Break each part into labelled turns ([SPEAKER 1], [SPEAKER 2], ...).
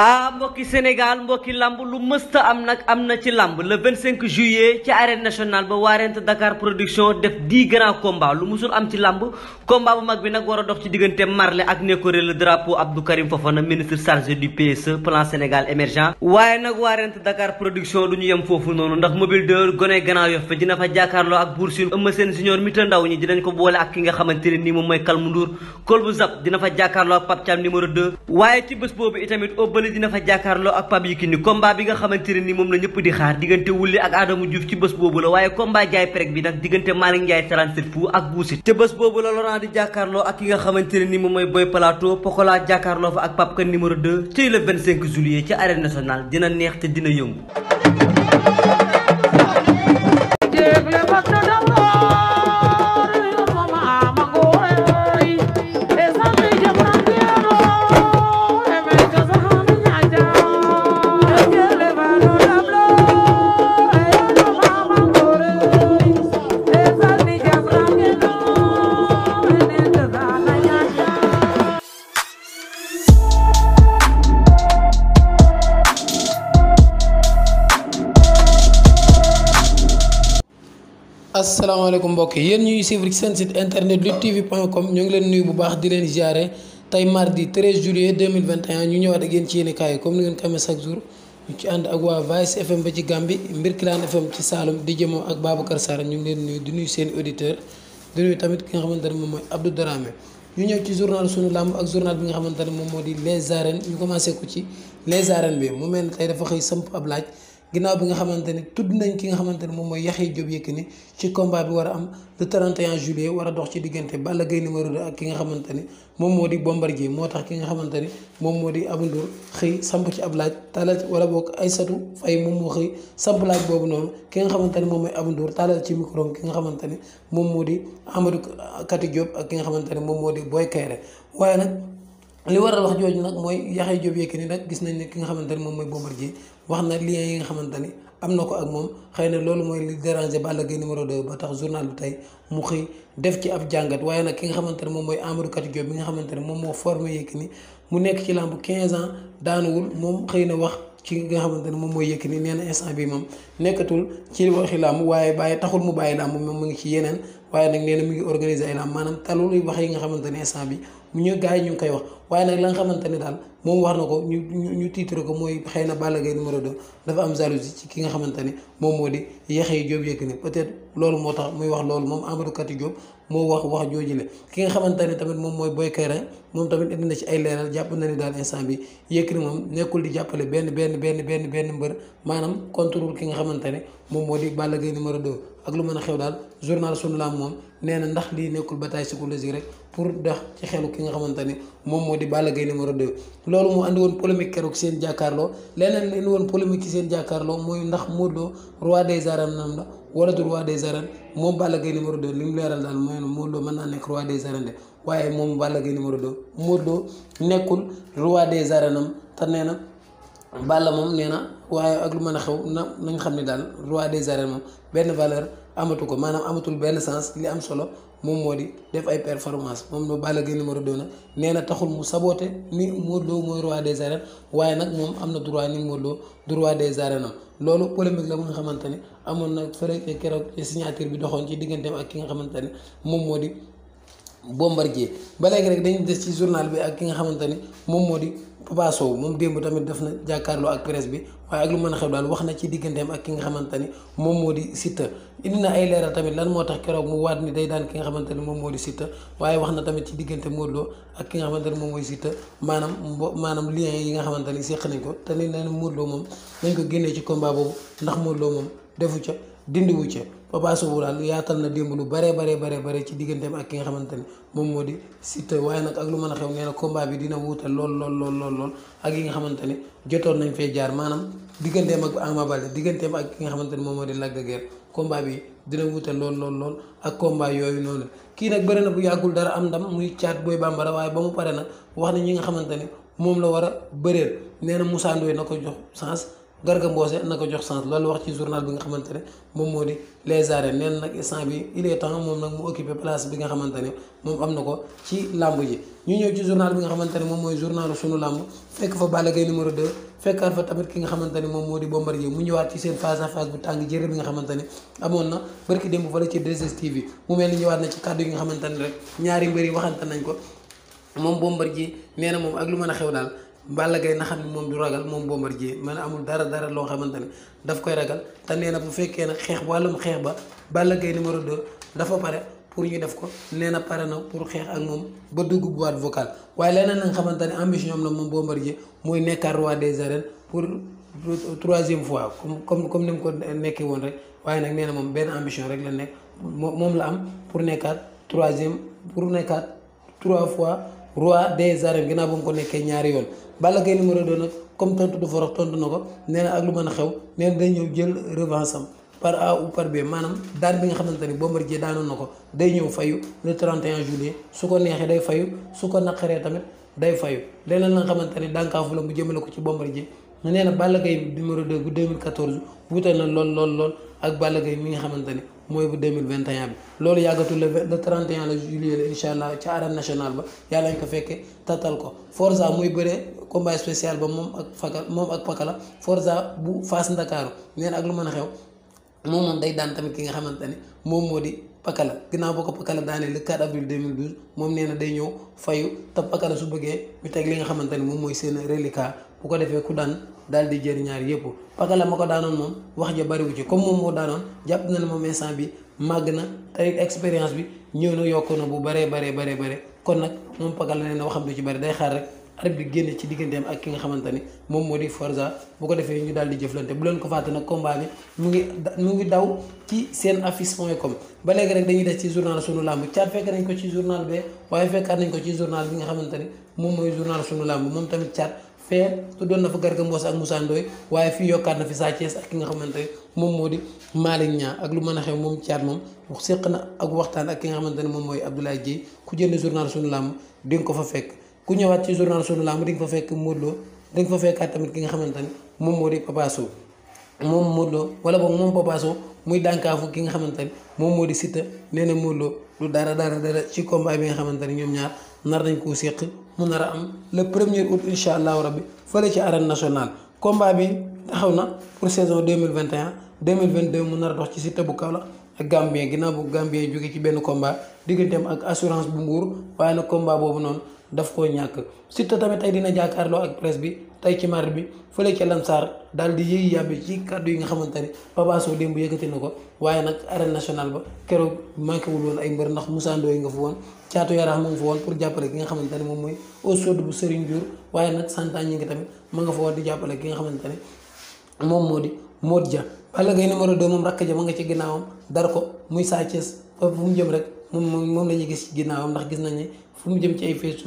[SPEAKER 1] ah mbokki Sénégal mbokki lamb lu mësta am nag am na ci lamb le 25 juillet ci arène nationale ba waarent Dakar production def 10 grands combats lu musul am ci lamb komba bu mag bi nag war a dox ci diggante Marley ak Nékoré le drapeau Abdou Karim Fofana ministre chargé du PSE plan Sénégal émergent waaye nag waarent Dakar production du ñu yem foofu noonu ndax mobile de gone gannaaw yof fa dina fa jàkkaarloo ak Bour Sine Eumeu Sène junior mi ta ndaw ñi xamante ne nii moom mooy Kalmu Ndour Kolbu Zap dina fa jàkkaarloo ak Pape Double dina fa jàkkaarloo ak Pape Yekini combat bi nga xamante ne ni moom la ñëpp di xaar diggante Wouly ak Adama Diouf ci bés boobu la waaye combat jaay prek bi nag diggante Malick Ndiaye 37 fu ak buusit te bés boobu la Laurent di jàkkaarloo ak ki nga xamante ne ni moom mooy Boy Plateau Pokola jàkkaarloo fa ak Pape Kane numéro 2 ci le 25 juillet ci arène nationale dina neex te dina yëngu asalaamaaleykum mbokk yéen ñuy suivre ci seen site internet lutte tv point com ñu ngi leen nuyu bu baax di leen ziare tey mardi 13 juillet 2021 ñu ñëwaat a yéen ci yéen kaay comme ni ngeen ko amee chaque jour ñu ci ànd ak waa Vice FM ci Gambie Mbirkilaan FM ci Saalum di jëmoo ak Babacar Sarr ñu ngi leen nuyu di nuyu seen auditeur di nuyu tamit ki nga xamante moom mooy Abdou Dramé ñu ñëw ci journal sunu làmb ak journal bi nga xamante ne moom moo di les arènes ñu commencé ko ci les arènes bi mu ginnaaw bi nga xamante ni tudd nañ ki nga xamante ni moom mooy Yaxya Jóob Yékini ci combat bi war a am le 31 juillet war a dox ci diggante Balla Gaye numéro 2 ak ki nga xamante ni moom moo di Bombardier moo tax ki nga xamante ni moom moo di Abou Ndour xëy samp ci ab laaj taalal wala boog Aysatu Fay moom moo xëy samp boobu noonu ki nga xamante ni moom mooy Abou Ndour taalal ci micro ki nga xamante ni moom moo di Amadou Kati Diop ak ki nga xamante ni moom moo di Boy Kayre waaye nag li war a wax jooju nag mooy Yaxya Jóob Yékini nag gis nañ ne ki nga xamante ne moom mooy Bombardier wax na lien yi nga xamante ne am na ko ak moom xëy na loolu mooy li déranger Balla Gaye numéro 2 ba tax journal bi tey mu xëy def ci ab jàngat waaye nag ki nga xamante ne moom mooy Amadou Kati Diop bi nga xamante ne moom moo formé Yékini mu nekk ci làmb 15 ans daanuwul moom xëy na wax ci nga xamante ne moom mooy Yékini nee na instant bi moom nekkatul ci waxi làmb waaye bàyyi taxul mu bàyyi làmb moom mu ngi ci yeneen waaye nag nee na mu ngi organiser ay làmb maanaam talul wax yi nga xamante ne instant bi mu ñu gaa yi ñu ngi koy wax waaye nag la nga xamante ne daal moom wax na ko ñu ñu titre ko mooy xëy na Balla Gaye numéro 2 dafa am jalousie ci ki nga xamante ne moom moo di Yaxya Diop Yékini peut-être loolu moo tax muy wax loolu moom Amadou Kati moo wax wax jooju la ki nga xamante ne tamit moom mooy Boy Kayra moom tamit indi na ci ay leeral jàpp na ni daal instant bi Yékini moom nekkul di jàppale benn benn benn benn benn mbër maanaam contrôle ki nga xamante ne moom moo di Balla Gaye numéro 2 ak lu mën a xew daal journal sunu laam moom nee na ndax lii nekkul bataille psychologique rek pour dox ci xelu ki nga xamante ni moom moo di Balla Gaye numéro 2. loolu moo andi woon polémique keroog seen jàkkaarloo leneen li indi woon polémique ci seen jàkkaarloo mooy ndax Modou Lo roi des arènes nam la wala du roi des arènes moom Balla Gaye numéro 2 li mu leeral daal mooy Modou Lo mën naa nekk roi des arènes de waaye moom Balla Gaye numéro 2 Modou Lo nekkul roi des arènes am te nee na. Balla moom nee na waaye ak lu mën a xew na nañ xam ne daal roi des arènes moom benn valeur amatu ko maanaam amatul benn sens li am solo moom moo di def ay performance moom noo Balla Gaye numéro 2 nag na taxul mu sabote ni Modou Lo mooy roi des arènes waaye nag moom am na droit ni Modou Lo du roi des arènes loolu polémique la bu nga xamante ne amoon na fële ca keroog signature bi doxoon ci digganteem ak ki nga xamante ne moom moo di Bombardier ba léegi rek dañu des ci journal bi ak ki nga xamante ne moom moo di Papa Sow moom démb tamit def na jàkkaarloo ak presse bi waaye ak lu mën a xew daal wax na ci digganteem ak ki nga xamante ni moom moo di Siteu indi na ay leeral tamit lan moo tax keroog mu waat ni day ki nga xamante ni moom moo di Siteu waaye wax na tamit ci diggante Modou Lo ak ki nga xamante moom mooy Siteu maanaam mbo maanaam lien yi nga xamante ni séq nañ ko te ni leen Modou Lo moom nañ ko génnee ci combat boobu ndax Modou Lo moom defu ca dindiwu ca Papa Sow daal yaatal na démb lu bare bare bare bare ci digganteem ak ki nga xamante ne moom moo di Siteu waaye nag ak lu mën a xew nee na bi dina wuute lool lool lool lool lool ak yi nga xamante ne jotoon nañ fee jaar maanaam digganteem ak Ama Baldé digganteem ak nga xamante ne moom moo di Lac de Guiers bi dina wuute lool lool lool ak yooyu noonu kii nag bëri na bu yàggul dara am ndam muy caat booy bambara waaye ba mu pare nag wax na ñi nga xamante ne moom la war a bëreel nee na Moussa na ko jox sens Garga Mbossé na ko jox sens loolu wax ci journal bi nga xamante ne moom moo di les arènes neen nag instant bi il temps moom nag mu occupé place ne moom am ko ci làmb ji bi nga xamante ne moom mooy journalu sunu làmb fekk fa Balla Gaye ne moom moo di Bombardier mu ñëwaat ci seen face à face bu tàng jër bi nga xamante ne amoon na barki démb fële ci 2STV bi mu mel ni ñëwaat na ci kàddu yi nga xamante ne rek ñaari mbër waxante nañ ko moom Bombardier nee na moom ak lu mën a xew daal Balla Gaye na xam ne moom du ragal moom Bombardier man amul dara dara loo xamante ne daf koy ragal te nee na bu fekkee ne xeex walla mu xeex ba Balla Gaye numéro 2 dafa pare pour ñu def ko nee na pare na pour xeex ak moom ba dugg boîte vocale waaye leneen la nga xamante ne ambition am la moom Bombardier mooy nekkaat roi des arènes pour troisième fois comme comme comme ni mu ko nekkee woon rek waaye nag nee moom benn ambition rek la nekk moom la am pour nekkaat troisième pour nekkaat trois fois. roi des arènes ginnaaw ba mu ko nekkee ñaari yoon Balla Gaye numéro 2 nag comme tontu du forox tontu na ko nee ak lu mën a xew nee na day ñëw jël revanche par A ou par B maanaam daan bi nga xamante ni Bombardier daanoon na ko day ñëw fayu le 31 juillet su ko neexee day fayu su ko naqaree tamit day fayu leneen la nga xamante ni dànkaafu la mu jëmale ko ci Bombardier nee na Balla Gaye numéro 2 bu 2014 wute na lool lool lool ak Balla Gaye mi nga xamante ni mooy bu 2021 bi loolu yàggatul le le 31 la juillet la incha allah ca arène nationale ba yàlla ñu ko fekkee tatal ko Forza muy bëree combat spécial ba moom ak Faka moom ak Pakala Forza bu Fass Ndakaaru nee na ak lu mën a xew moom moom day daan tamit ki nga xamante ne moom moo di Pakala ginnaaw boo ko Pakala daanee le 4 avril 2012 moom nee na day ñëw fayu te Pakala su bëggee ñu teg li nga xamante ne moom mooy seen reliquat. bu ko defee ku daan daal di jël ñaar yëpp parce que la ma ko daanoon moom wax ja bariwu ci comme moom moo daanoon jàpp na ne moom instant bi màgg na tey expérience bi ñëw na yokk na bu baree baree baree bare kon nag moom Pakala nee na waxam ci bëri day xaar rek bi génn ci digganteem ak ki nga xamante ni moom moo di Forza bu ko defee ñu daal di jëflante bu leen ko fàtte nag combat mu ngi mu ngi daw ci seen affiche point com ba léegi rek dañuy des ci journal sunu làmb caat fekk nañ ko ci journal waaye fekkaat nañ ko ci bi nga xamante ni moom mooy journal sunu làmb moom tamit caat fee tuddoon na fa Garga Mbossé ak Moussa Ndoye waaye fii yokkaat na fi Sa Thiès ak ki nga xamante moom moo di Malick Niang ak lu mën a xew moom caat moom séq na ak waxtaan ak ki nga xamante ne moom mooy Abdoulaye Dieye ku jënd journal sunu làmb di nga ko fa fekk ku ñëwaat ci journal sunu làmb di nga fa fekk Modou Lo di nga fa fekkaat tamit ki nga xamante ne moom moo di Papa Sow moom Modou Lo wala boog moom Papa Sow muy dànkaafu ki nga xamante ne moom moo di Siteu nee na Modou Lo du dara dara dara ci combat bi nga xamante ne ñoom ñaar nar nañ koo séq mu nar a am le premier août incha allahu rabbi fële ci arène nationale combat bi taxaw na pour saison deux mille vingt et un deux mille vingt deux mu nar a dox ci Siteu bu Kaolack ak Gambien ginnaaw bu Gambien jóge ci benn combat digganteem ak assurance bu Mbuur waaye nag combat boobu noonu. daf koo ñàkk Siteu tamit tey dina jàkkaarloo ak presse bi tey ci mardi bi fu fële ca Lamsaar daal di yëy yàbbi ci kàddu yi nga xamante ne Papa Sow démb yëkkati na ko waaye nag arène nationale ba keroog manqué wul woon ay mbër ndax Moussa Ndoye nga fa woon caatu yaraax ma nga fa woon pour jàppale ki nga xamante ne moom mooy au sud bu Serigne Diour waaye nag santaan ñi ngi tamit ma nga fa jàppale ki nga xamante ne moom moo di Modou ja Balla Gaye numéro 2 moom rakk ja ma nga ci ginnaawam dar ko muy Sa Thiès foofu fu mu jëm rek moom moom la ñuy gis ci ginnaawam ndax gis nañ ne fu mu jëm ci ay face to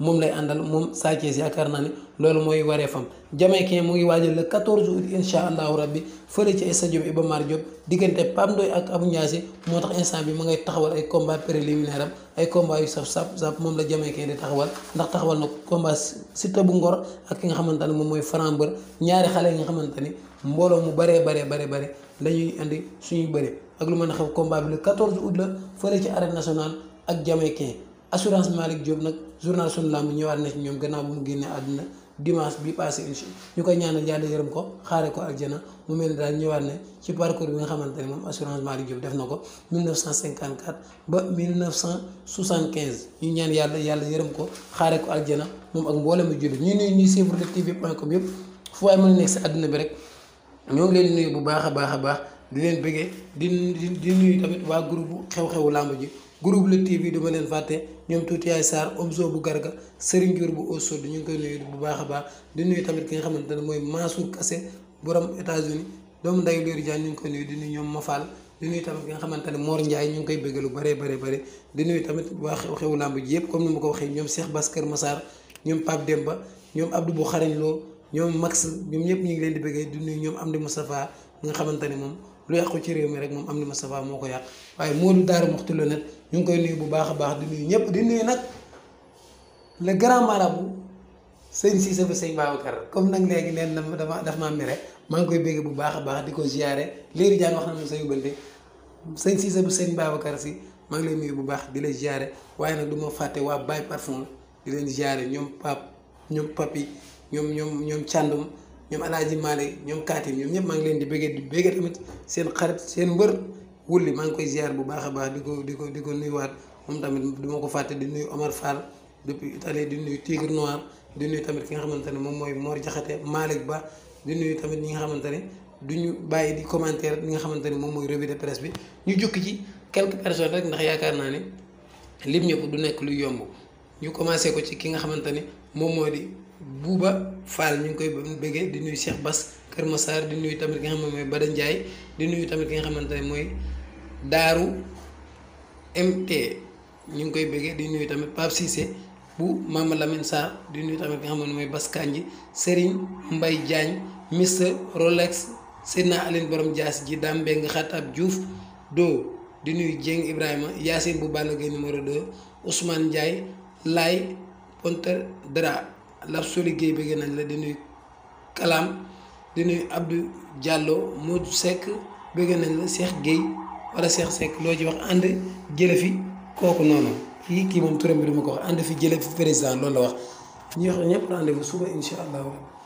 [SPEAKER 1] moom lay àndal moom Sa yaakaar naa ne loolu mooy wareefam Jamaïcain mu ngi waajal le 14 août incha allahu rabbi fële ci stadium Iba Mar Diop diggante Pape Ndoye ak Abou Ndiassé moo tax instant bi mu ngay taxawal ay combat préliminaire am ay combat yu saf sap sap moom la Jamaïcain di taxawal ndax taxawal na combat Siteu bu Ngor ak ki nga xamante ne moom mooy Franc Mbeur ñaari xale yi nga xamante ni mbooloo mu baree baree bare bare la indi suñu bëri ak lu mën a xew combat le 14 août la ci arène nationale ak Jamaïcain assurance Malick Diop nag journal sunu lamb ñëwaat na ci ñoom gannaaw bu mu génnee àdduna dimanche bi passé incha ñu koy ñaanal ko xaare ko aljana mu mel ni daal ñëwaat ne ci parcours bi nga xamante ne moom assurance Malick Diop def na ko 1954 ba 1975 ñu ñaan yàlla yàlla yërëm ko xaare ko aljana moom ak mboolem bi jullit ñu nuyu ñuy suivre luttetv.com yëpp fu waay mën a nekk si àdduna bi rek ñoo ngi leen nuyu bu baax a baax a baax di leen bëggee di di nuyu tamit waa groupe xew-xewu lamb ji groupe Lutte TV duma leen fàtte. ñoom tuuti yaay Sarr Omzo bu Garga Serigne Diour bu Osod ñu ngi koy nuyu bu baax a baax di nuyu tamit ki nga xamante ne mooy Mansour Kassé borom États-Unis doomu ndeyu Lori Diagne ñu ngi koy nuyu di nuyu ñoom Mafal di nuyu tamit ki nga xamante ne Mor Ndiaye ñu ngi koy bëgg lu bëree bëri bëri di nuyu tamit xew-xewu làmb yëpp comme ma ko waxee ñoom Cheikh Bass Kër Massar ñoom Pape Demba ñoom Abdou bu xarañ loo ñoom Max ñoom ñëpp ñu ngi leen di bëggee di nuyu ñoom Amdi Moustapha nga xamante ne moom lu yàqu ci réew mi rek moom am ni Moustapha moo ko yàq waaye Modou Darou Mokhtar Lo nag ñu ngi koy nuyu bu baax a baax di nuyu ñëpp di nuyu nag le grand marabout sëñ Cissé ba sëñ Babacar comme nag léegi neen na dama daf maa mere maa ngi koy bégge bu baax a baax di ko ziare léegi jaan wax na ma sa yóbbante sëñ Cissé ba sëñ Babacar si maa ngi lay nuyu bu baax di la ziare waaye nag du ma fàtte waa Baye Parfum di leen ziare ñoom pap ñoom papi ñoom ñoom ñoom càndum ñoom alaaji Malick ñoom Kaatim ñoom ñëpp maa ngi leen di bëggee di bëggee tamit seen xarit seen mbër wulli maa ngi koy ziar bu baax a baax di ko di ko di ko waat moom tamit du ma ko fàtte di nuyu Omar Fall depuis Italie di nuyu di nuyu tamit ki nga xamante ne moom mooy Mor Jaxate Malick Ba di nuyu tamit ñi nga xamante ne duñu bàyyi di commentaire li nga xamante ne moom mooy revue de presse bi ñu jukki ci quelques personnes rek ndax yaakaar naa ne lim ñëpp du nekk luy yomb ñu commencé ko ci ki nga xamante ne moom moo di Bouba Fall ñu ngi koy bëggee di nuyu Cheikh Bass Kër Massar di nuyu tamit ki nga xam di nuyu tamit ki nga xamante ne mooy Daaru MT ñu ngi koy bëggee di nuyu tamit Pape Cissé bu Mama Lamine di nuyu tamit ki nga xam ne mooy Bass Kanji Serigne Mbaye Diagne Mister Rolex Seydina Aline Borom Dias ji Dambe nga Xatab juuf Do di nuyu Dieng Ibrahima Yacine bu Balla Gaye numéro 2 Ousmane Ndiaye lay Ponte Dra. la su liggéey bëgg nañ la di Kalaam di nuyu Abdou Diallo Modou Seck bëgg nañ la Cheikh géey wala Cheikh Seck loo ci wax ànd jële fi kooku noonu kii kii moom turam bi dama ko wax ànd fi jële fi président loolu la wax ñu wax ñëpp rendez-vous suba incha allah.